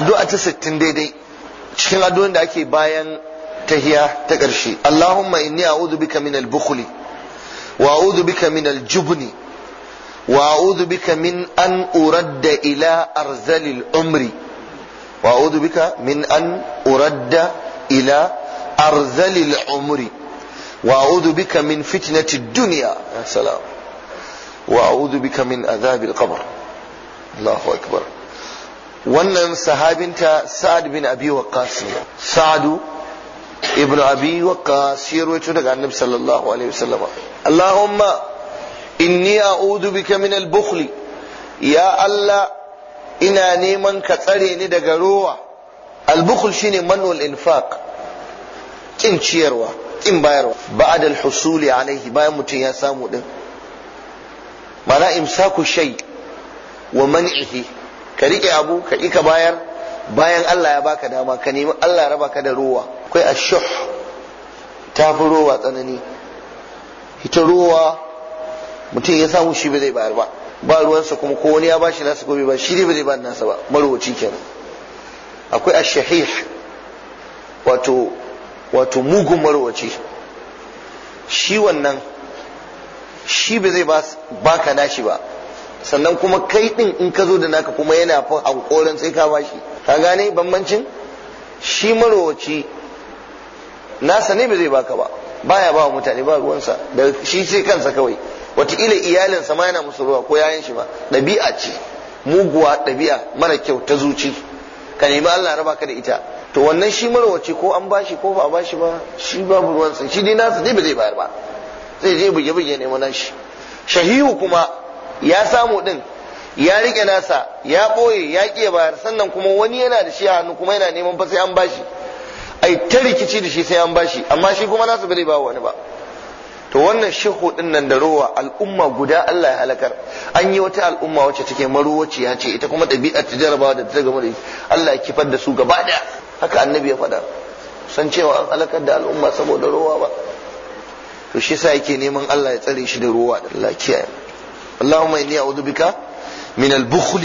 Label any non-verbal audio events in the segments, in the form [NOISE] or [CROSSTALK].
addu'a ta 60 daidai cikin addu'o'in da ake bayan tahiya ta ƙarshe Allahumma inni a'udhu bika min al-bukhli wa a'udhu bika min al-jubni wa a'udhu bika min an uradda ila arzalil umri wa a'udhu bika min an uradda ila arzalil umri wa a'udhu bika min fitnati dunya ya salam wa a'udhu bika min adhabil qabr Allahu akbar wannan sahabinta sa'ad bin abi waqqas sa'adu ibnu abi waqqas ya rawaito daga annabi sallallahu alaihi wasallam allahumma inni a'udhu bika min al-bukhli ya allah ina neman ka tsare ni daga rowa al-bukhl shine manul infaq kin ciyarwa kin bayarwa ba'da al-husuli alaihi bayan mutum ya samu din mana imsaku shai wa man'ihi ka rike abu ka ƙi ka bayar bayan Allah ya baka dama ka nemi Allah raba ka da ruwa akwai ashuh ta fi ruwa tsanani ita ruwa mutum ya samu shi ba zai bayar ba ba ruwansa kuma ko wani ya bashi nasa gobe ba shi ne ba zai ba nasa ba marwaci kenan akwai ashahih wato wato mugun marwaci shi wannan shi ba zai baka nashi ba sannan kuma kai din in ka zo da naka kuma yana fa hankoran sai ka bashi ka gane bambancin shi marowaci nasa ne ba zai baka ba baya ba mutane ba ruwansa da shi sai kansa kawai wataƙila iyalinsa ma yana musu ruwa ko yayan shi ba ɗabi'a ce muguwa ɗabi'a mara kyau ta zuci ka nemi Allah raba ka da ita to wannan shi marowaci ko an bashi ko ba a bashi ba shi babu ruwansa shi dai nasa ne ba zai bayar ba zai je buge buge neman nashi shahihu kuma ya samu din ya rike nasa ya boye ya ƙi bayar sannan kuma wani yana da shi a hannu kuma yana neman fa sai an bashi ai ta rikici da shi sai an bashi amma shi kuma nasu bai ba wani ba to wannan shehu din nan da rowa al'umma guda Allah ya halakar an yi wata al'umma wacce take ya ce ita kuma ɗabi'ar ta jarabawa da ta gama da Allah ya kifar da su gaba daya haka annabi ya faɗa san cewa an halakar da al'umma saboda rowa ba to shi sa yake neman Allah ya tsare shi da rowa Allah kiyaye اللهم إني أعوذ بك من البخل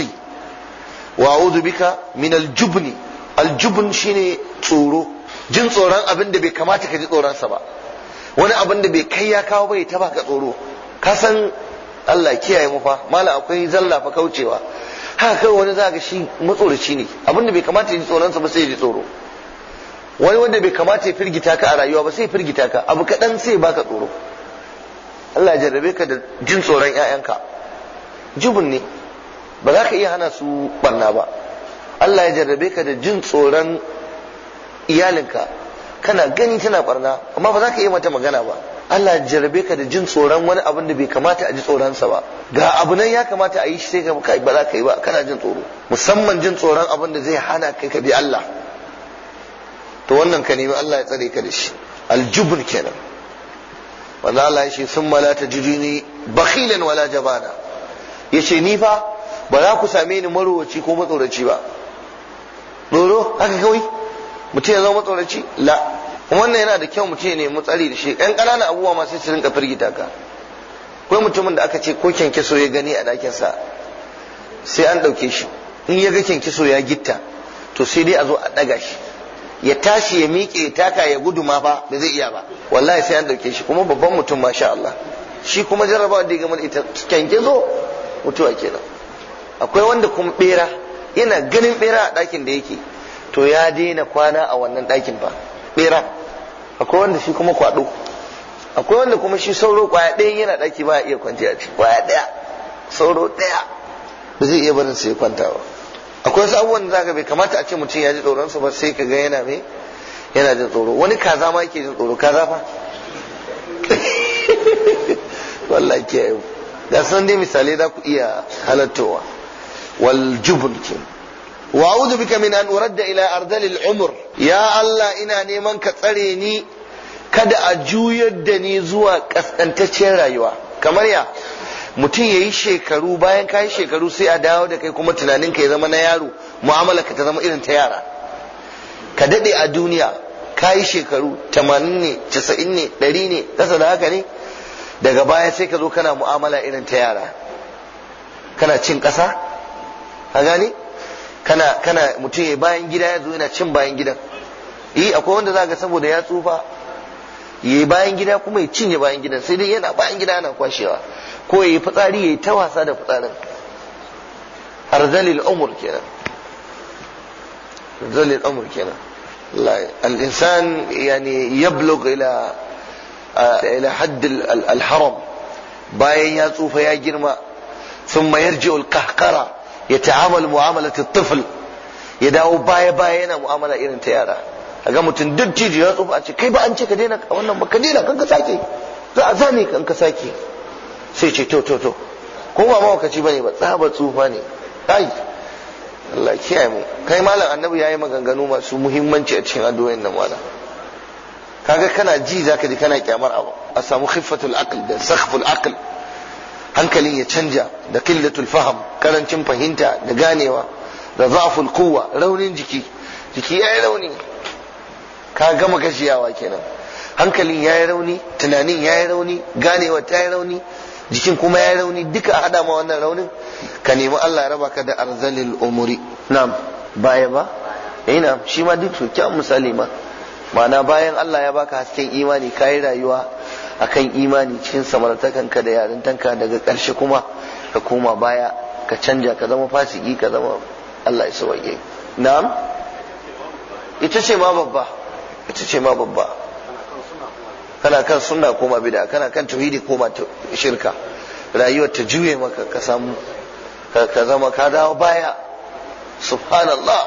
وأعوذ بك من الجبن الجبن شيني tsoro jin tsoron abin da bai kamata ka ji tsoronsa ba wani abin da bai kai ya kawo bai ta baka tsoro ka san Allah kiyaye mu fa mala akwai zalla fa kaucewa haka kai wani zaka shi ne abin da bai kamata ya ji tsoronsa ba sai ya ji tsoro wani wanda bai kamata ya firgita ka a rayuwa ba sai ya firgita ka abu kaɗan sai baka tsoro Allah ya jarrabe ka da jin tsoron 'ya'yanka jibin ne ba za ka iya hana su barna ba Allah ya jarrabe ka da jin tsoron iyalinka kana gani tana barna amma ba za ka iya mata magana ba Allah ya jarrabe ka da jin tsoron wani abin da bai kamata a ji tsoronsa ba ga abu nan ya kamata a yi shi sai ka ba za ka yi ba kana jin tsoro musamman jin tsoron abin da zai hana kai ka bi Allah to wannan ka nemi Allah ya tsare ka da shi aljubur kenan manzo Allah ya ce sun mala ta jidini bakhilan wala jabana ya ce ni fa ba za ku same ni marowaci ko matsoraci ba doro haka kawai mutum ya zama matsoraci la wannan yana da kyau mutum ya nemi tsari da shi ɗan ƙananan abubuwa masu sai su rinka firgita ka akwai mutumin da aka ce ko kyankyaso ya gani a sa sai an ɗauke shi in ya ga kyankyaso ya gitta to sai dai a zo a ɗaga shi ya tashi ya miƙe ya taka ya gudu ma fa ba zai iya ba wallahi sai an dauke shi kuma babban mutum masha Allah shi kuma jarrabawa da game ita kyanke zo mutuwa kenan akwai wanda kuma bera yana ganin bera a ɗakin da yake to ya daina kwana a wannan ɗakin ba. bera akwai wanda shi kuma kwaɗo akwai wanda kuma shi sauro kwaya ɗaya yana ɗaki ba iya kwanciya a kwaya ɗaya sauro ɗaya ba zai iya barin sai kwanta ba akwai wasu abubuwan da zaka bai kamata a ce mutum ya ji tsoron su ba sai ka ga yana mai yana jin tsoro wani kaza ma yake jin tsoro kaza fa [LAUGHS] wallahi ke yau san dai misali za ku iya halattowa wal jubun ke wa a'udhu bika min an uradda ila ardalil umr ya Allah ina neman ka tsare ni kada a juyar da ni zuwa kaskantacciyar rayuwa kamar ya mutum ya yi shekaru bayan ka yi shekaru sai a dawo da kai kuma tunaninka ya zama na yaro mu'amala ka ta zama irin ta yara ka daɗe a duniya ka yi shekaru tamanin ne casa'in ne ɗari ne ƙasa da haka ne daga baya sai ka zo kana mu'amala irin ta yara kana cin ƙasa a gani? kana mutum ya bayan gida ya zo yana cin bayan gidan yi eh, akwai wanda za ga saboda ya tsufa Yayi bayan gida kuma ya cinye bayan gidan sai dai yana bayan gida ana kwashewa ko yi fitsari ya yi ta wasa da fitsarin arzalil umur kenan arzalil umur kenan al-insan yani yablug ila ah, ila hadd al-haram bayan ya tsufa ya girma sun mayar ji'ul kahkara ya ta'amal mu'amalatul tufl ya dawo baya-baya yana mu'amala irin ta yara a ga mutum duk titi ya tsufa a ce kai ba an ce ka daina a wannan ba ka daina kan ka sake za a zane kan ka sake sai ce to to to ko ba ma mawakaci bane ba tsaba tsufa ne kai Allah kiyaye mu kai malam annabi yayi maganganu masu muhimmanci a cikin addu'o'in nan wala kaga kana ji zaka ji kana kyamar abu a samu khiffatul aql da sakhful aql hankalin ya canja da qillatul faham karancin fahimta da ganewa da za'ful quwwa raunin jiki jiki yayi rauni ka gama gajiyawa kenan hankalin ya yi rauni tunanin ya yi rauni ganewa ta yi rauni jikin kuma ya yi rauni duka a hada ma wannan raunin ka nemi Allah ya raba ka da arzalil umuri na'am baya ba ina eh, shi ma duk kyan misali ma ma'ana bayan Allah ya baka hasken imani ka yi rayuwa akan imani cikin samartakanka da yarintanka daga ƙarshe kuma ka koma baya ka canja ka zama fasiki ka zama Allah ya sauke na'am ita ce ma babba ita ce ma babba kana kan sunna koma bid'a kana kan tauhidi koma shirka rayuwar ta juye maka ka samu ka zama ka dawo baya subhanallah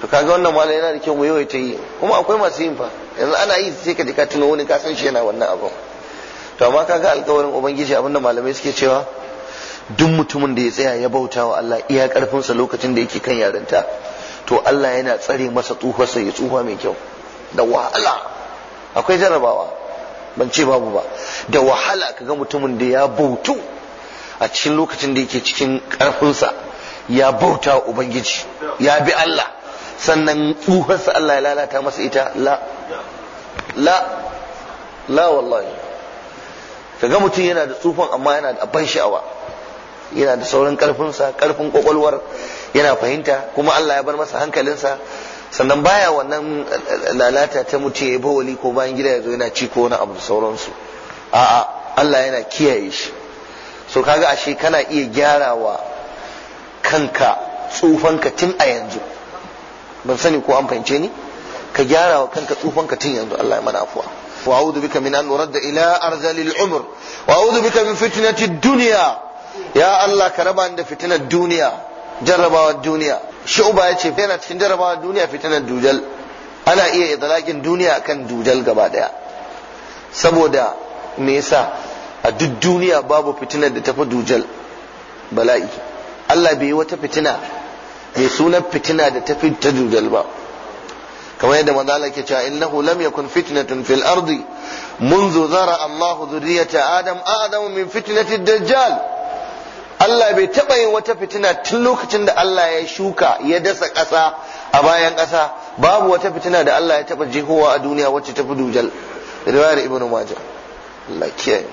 to kaga wannan mala yana da kyau mu ta yi kuma akwai masu yin fa yanzu ana yi sai ka ji tuno wani ka san shi yana wannan abu. to amma kaga alkawarin ubangiji abinda malamai suke cewa duk mutumin da ya tsaya ya bauta wa Allah iya karfinsa lokacin da yake kan yarinta to Allah yana tsare masa tsufarsa ya tsufa mai kyau da wahala akwai jarabawa ban ce babu ba da wahala ka ga mutumin da ya bautu a cikin lokacin da yake cikin karfinsa ya bauta ubangiji ya bi Allah sannan tsufarsa Allah ya lalata masa ita la la la wallahi Ka ga mutum yana da tsufan amma yana da ban sha'awa yana da sauran ƙarfinsa, karfin kwakwalwar yana fahimta kuma Allah ya bar masa hankalinsa sannan baya wannan lalata ta mutu ya bawali ko bayan gida ya zo yana ci ko wani abu sauransu a'a Allah yana kiyaye shi so kaga ashe kana iya gyarawa kanka tsufanka tun a yanzu ban sani ko an fahimce ni ka gyara kanka tsufanka tun yanzu Allah ya mana afuwa wa a'udhu bika min an nuradda ila arzalil umr wa a'udhu bika min fitnatid dunya ya Allah ka raba ni da fitnar duniya jarrabawar duniya shu'ba ya ce yana cikin jarrabawar duniya fitinar dujal ana iya idlakin duniya kan dujal gaba daya saboda me yasa a duk duniya babu fitinar da tafi dujal bala'i Allah bai yi wata fitina mai sunan fitina da tafi ta dujal ba kamar yadda manzo Allah ke cewa innahu lam yakun fitnatun fil ardi منذ ذرى الله ذرية آدم آدم من فتنة الدجال Allah bai taɓa yin wata fitina tun lokacin da Allah ya shuka ya dasa ƙasa a bayan ƙasa babu wata fitina da Allah ya taɓa jihowa a duniya wacce ta fi dujal riwayar ibn majah Allah kiyaye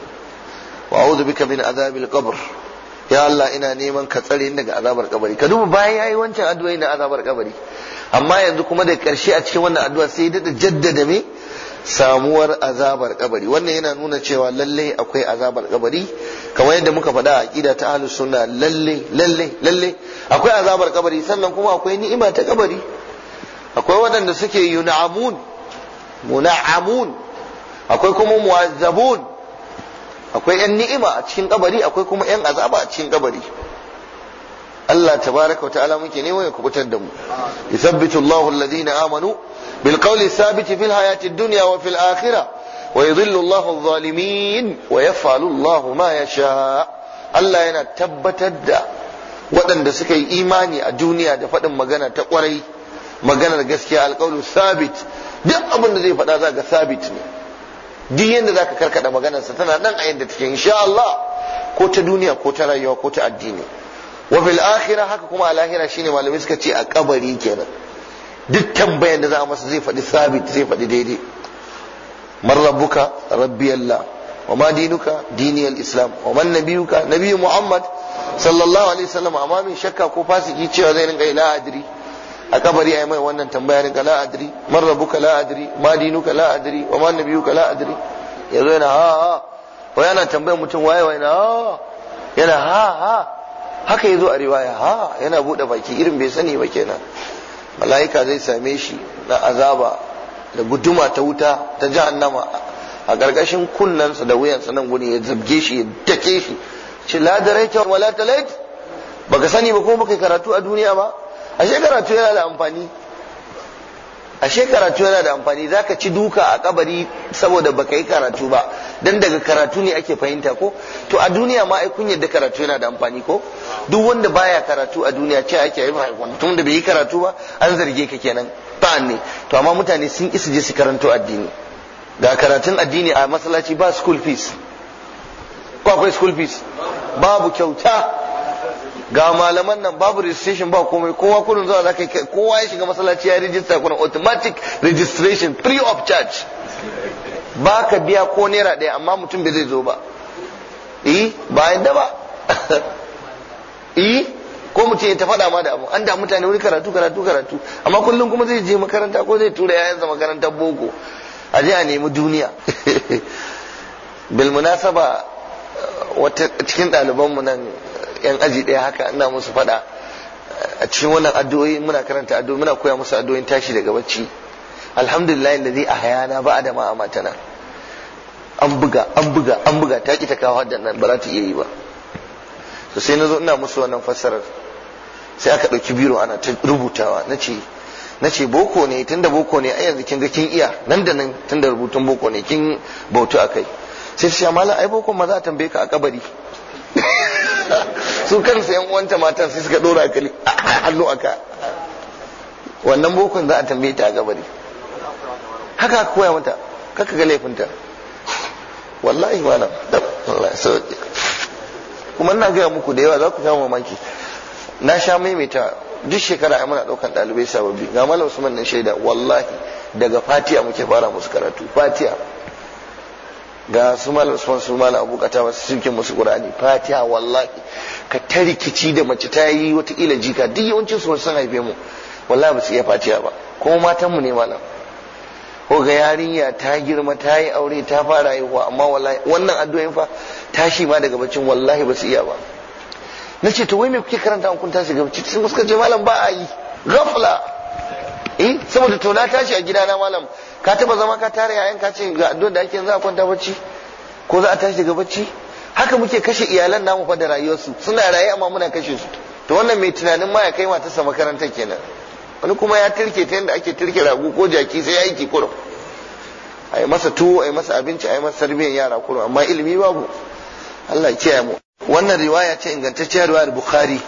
wa a'udhu bika min azabil qabr ya Allah ina neman ka tsare ni daga azabar kabari ka duba bayan yayi wancan addu'a na azabar kabari amma yanzu kuma da karshe a cikin wannan addu'a sai ya dada jaddada me samuwar azabar kabari wannan yana nuna cewa lalle akwai azabar kabari kamar yadda muka faɗa a kida ta ahlus sunna lalle lalle lalle akwai azabar kabari sannan kuma akwai ni'ima ta kabari akwai waɗanda suke yun'amun muna'amun akwai kuma mu'azzabun akwai yan ni'ima a cikin kabari akwai kuma yan azaba a cikin kabari Allah tabaraka wa ta'ala muke ne ya kubutar da mu yuthabbitu Allahu alladhina amanu bil qawli thabit fil hayati dunya wa fil akhirah wa yudhillu Allahu adh-dhalimin wa yaf'alu Allahu ma yasha Allah yana tabbatar da waɗanda suka yi imani a duniya da faɗin magana ta ƙwarai maganar gaskiya alƙawlu sabit duk abin da zai faɗa za ga sabit ne duk yadda za ka karkaɗa maganarsa tana nan a yadda take insha Allah ko ta duniya ko ta rayuwa ko ta addini wa fil akhirah haka kuma a lahira shine malamai suka ce a kabari kenan duk tambayar da za a masa zai faɗi sabit zai faɗi daidai man rabbuka rabbi Allah wa ma dinuka dini al-islam wa man nabiyuka nabiyyu muhammad sallallahu alaihi wasallam amma min shakka ko fasiki cewa zai rinka ila adri a kabari ai mai wannan tambaya rinka la adri man rabbuka la adri ma dinuka la adri wa ma nabiyuka la adri yazo yana ha ha wa yana tambayar mutum waye waye na ha yana ha ha haka ya zo a riwaya ha yana buɗe baki irin bai sani ba kenan mala'ika zai same shi na azaba da guduma ta wuta ta jahannama a gargashin kunnensa da wuyansa nan guni ya zabge shi ya dake shi ce la daraita wa la talait baka sani ba ko baka karatu a duniya ba ashe karatu yana da amfani ashe karatu yana da amfani zaka ci duka a kabari saboda baka yi karatu ba dan daga karatu ne ake fahimta ko to a duniya ma ai kun yadda karatu yana da amfani ko duk wanda baya karatu a duniya ce ake yi tun da bai yi karatu ba an zarge ka kenan ba'an ne to amma mutane sun isa je su karanto addini ga karatun addini a masallaci ba school fees ko akwai school fees babu kyauta ga malaman nan babu registration ba komai kowa kullum zuwa zaka kowa ya shiga masallaci ya register kuna automatic registration free of charge ba ka biya ko naira ɗaya amma mutum bai zai zo ba eh ba yanda ba eh [LAUGHS] ko mutum ya ta fada ma da abu an da mutane wuri karatu karatu karatu amma kullum kuma zai je makaranta ko zai tura yayansa makarantar boko a je a nemi duniya [LAUGHS] bil munasaba wata cikin ɗalibanmu nan yan aji ɗaya haka ina musu faɗa a cikin wannan addu'o'i muna karanta addu'o'i muna koya musu addu'o'in tashi daga bacci alhamdulillah alladhi ahyana ba'da ma amatana an buga an buga an buga ta ki ta kawo haddan nan ba za ta iya yi ba to sai na zo ina musu wannan fassarar sai aka ɗauki biro ana ta rubutawa na ce na ce boko ne tunda boko ne ai yanzu kin ga kin iya nan da nan tunda rubutun boko ne kin bautu akai sai sai ah, malam ai boko ma za a tambaye ka a kabari [LAUGHS] su kansu yan uwanta matan sai suka dora kali [LAUGHS] hannu aka wannan bokon za a tambaye ta a kabari haka koya mata kaka ga laifinta wallahi malam Allah so kuma ina gaya muku da yawa za ku sha mamaki na sha maimaita duk shekara ai muna ɗaukan ɗalibai sababbi ga malam Usman nan shaida wallahi daga Fatiya muke fara musu karatu Fatiya. ga su malam Usman su malam Abu Kata su musu Qur'ani fatiya wallahi ka ta rikici da mace ta yi wata ila jika duk yawancin su sun haife mu wallahi ba su iya Fatiya ba kuma matan mu ne malam ko ga yarinya ta girma ta yi aure ta fara haihuwa amma wallahi wannan addu'o'in fa tashi ma daga bacin wallahi ba su iya ba na ce to wai me kuke karanta an kun tashi ga bacci sun suka ce malam ba a yi ghafla eh saboda to na tashi a gidana malam ka taba zama ka tare yayan ka ce ga addu'ar da ake yanzu a kwanta bacci ko za a tashi daga bacci haka muke kashe iyalan namu fa da rayuwarsu suna raye amma muna kashe su to wannan mai tunanin ma ya kai matarsa makaranta kenan wani kuma ya tirke ta yadda ake tirke ragu ko jaki sai ya yi kurum a yi masa tuwo a yi masa abinci a yi masa sarbiyan yara kurum amma ilimi babu Allah ya kiyaye mu wannan riwaya ce ingantacciyar riwayar bukhari